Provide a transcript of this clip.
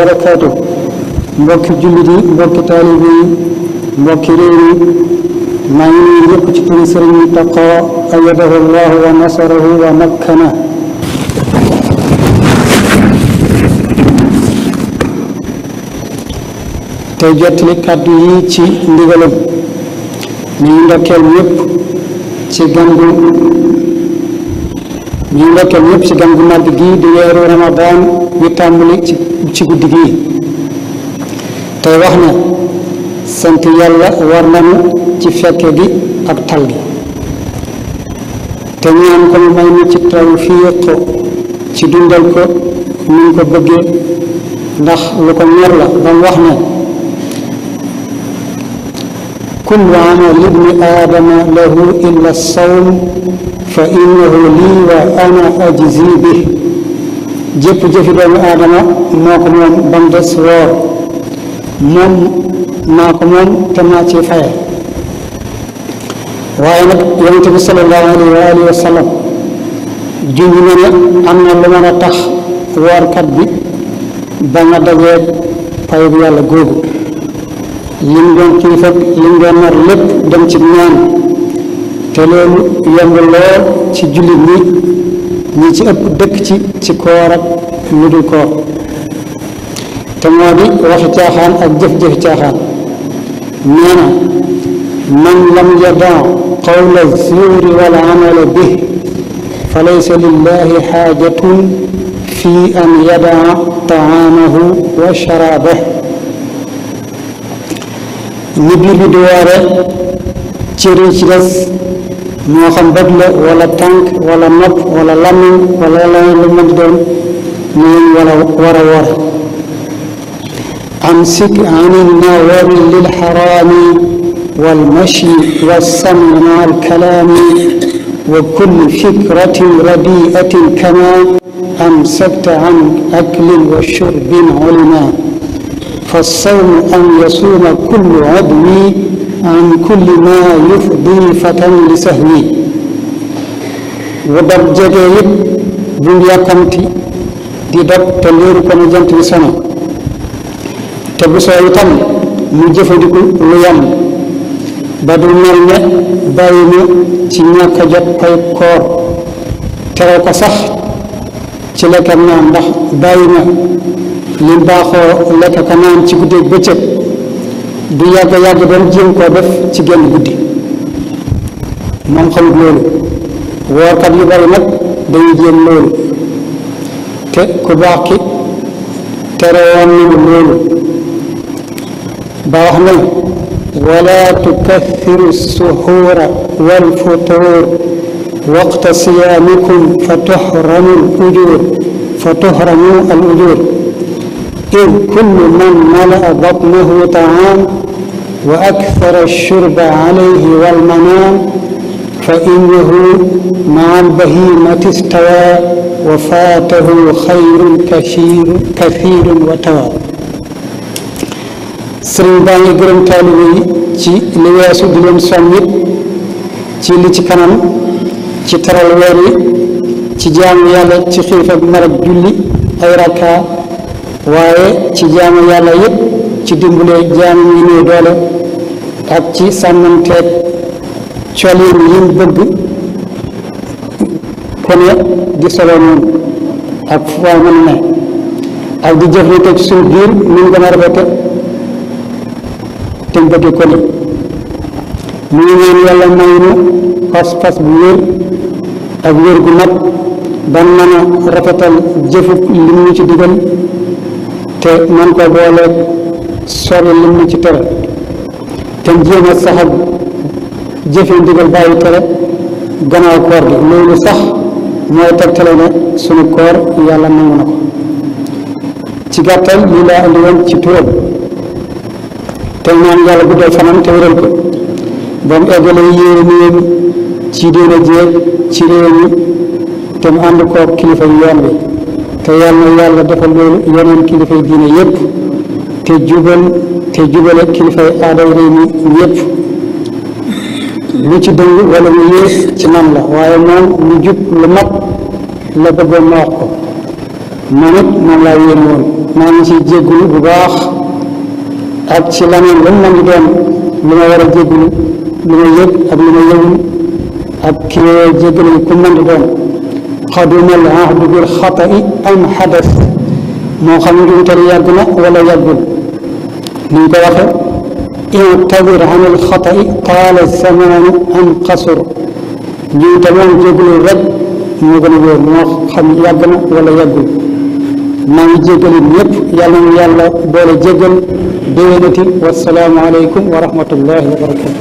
barakaatu mbokki jullit yi mbokki taalibe yi mbokki ci turu sëriñ Muntaqa ayadahu allahu wa nasarahu wa makkana tey jottali yi ci ndigalam ñu ndokkeel ñëpp ci gangu ñu gi di weeru ramadan ñu tàmbali ci ci guddi gi tey wax ne sant yàlla war nañu ci fekke gi ak tal gi te ñaan ko mu may nu ci tawfiq ci dundal ko ni ñu ko bëggee ndax lu ko ñor la ba mu wax ne kullu amali aadama lahu illa sawm fa innahu lii wa ana ajzi bi jëpp jëfi doomu aadama moo ko moom ba des woor moom maa ko moom te maa ci faye waaye nag yonent bi sallallahu alayhi wa alihi wa sallam junj na ne am na lu mën a tax woorkat bi ba nga dajee pay bu yàlla googu lim doon kilifa lim doon nar lépp dem ci ñaan te loolu yomb lool ci jullit ñi ñi ci ëpp dëkk ci ci koor ak lu dul caaxaan ak jëf-jëfi caaxaan nee na man lam yada qawla zuuri wal amala bih fa laysa lillahi fi an yadaa taamahu wa sharaabahu ni biir bi du ci des moo xam bët la wala tànk wala nopp wala làmmiñ wala leneen lu mën di doon ñooñ wala war a woor amsik anil nawari lil xaraami wal mashi wal sam'i maa al kalaami wa kulli fikratin radiatin kama amsakta an aklin wa shurbin ulma fa sawmu an yasuuma kullu admi عن كل ما يفضي فتى لسهوه bu dab jege it bul yàkkamti di dab te léeru ko ne jant bi sono te bu soo itam mu jëfandiku lu yam ba du mel ne bàyyi na ci ñàkk a jot koy koor tere ko sax ci lekk ak naan ndax bàyyi na li baaxoo lekk ko ci guddeeg bëccëg bu yàgg yàgg ba mu jéem koo def ci guddi moom xamut loolu woorkat yu bari nag dañuy jéem loolu te ku baax ki tere woon nañu loolu wax nañ wala tukathiru suxuura wal futuur waqta siyaamikum fa tuhramu al fa tuhramu al إذ كل من ملأ بطنه طعام وأكثر الشرب عليه والمنام فإنه مع البهيمة استوى وفاته خير كثير كثير وتوى sëriñ baa ngi gërëm taalibe yi ci li weesu di leen soññ ci li ci kanam ci teral weer yi ci jaamu yàlla ci xiif ak mar ak julli ay rakka waaye ci jaamu yàlla yëpp ci dimbale jaamu ñu néew doole ak ci sàmmanteeg colin yi mu bëgg ku ne di solo noonu ak foo mën ne ak di jëflante ci suñu biir ñu gën a rafete te bëgg ko ne mu ngi ñaan yàlla may pas-pas bu wér ak wér gu mat ban mën a rafetal jëfu li mu ci digal te man ko booleeg sori lim na ci tere te jéem a sax ak jëfe ndigal bàyyi tere gannaaw koor gi loolu sax mooy tegtale ne sunu koor yàlla nangu na ko ci gàttal lii laa andi ci turam te ñaan yàlla guddal fanam te wéral ko ba mu eggale yéen ci diine jéeg ci réew mi te mu ànd koog kilifa yoon bi te yàlla na yàlla defal loolu yeneen kilifay diine yëpp te jubal te jubale kilifay aada yi réew yëpp lu ci dëng wala mu yées ci man la waaye moom lu jub lu mat la bëggoon ma wax ko man it moom laa yéen woon maa ngi ciy jéggulu bu baax ak ci laneen lu mu ngi doon lu ma war a jéggulu lu ma yëg ak lu ma yëgul ak ki jéggalal ku mën di doon xaduma al ahdu bil xatai am xadas moo xam ne duñ tari yàgg na wala yàggul niñ ko waxe intadir an al xatai taala zamanu am qasur jiite moom jéglu rek moo gën a wóor moo xam yàgg na wala yàggul maa ngi jégal ñëpp yàlla na yàlla boole jégal déwénati wasalaamu aleykum wa rahmatullahi wa barakatu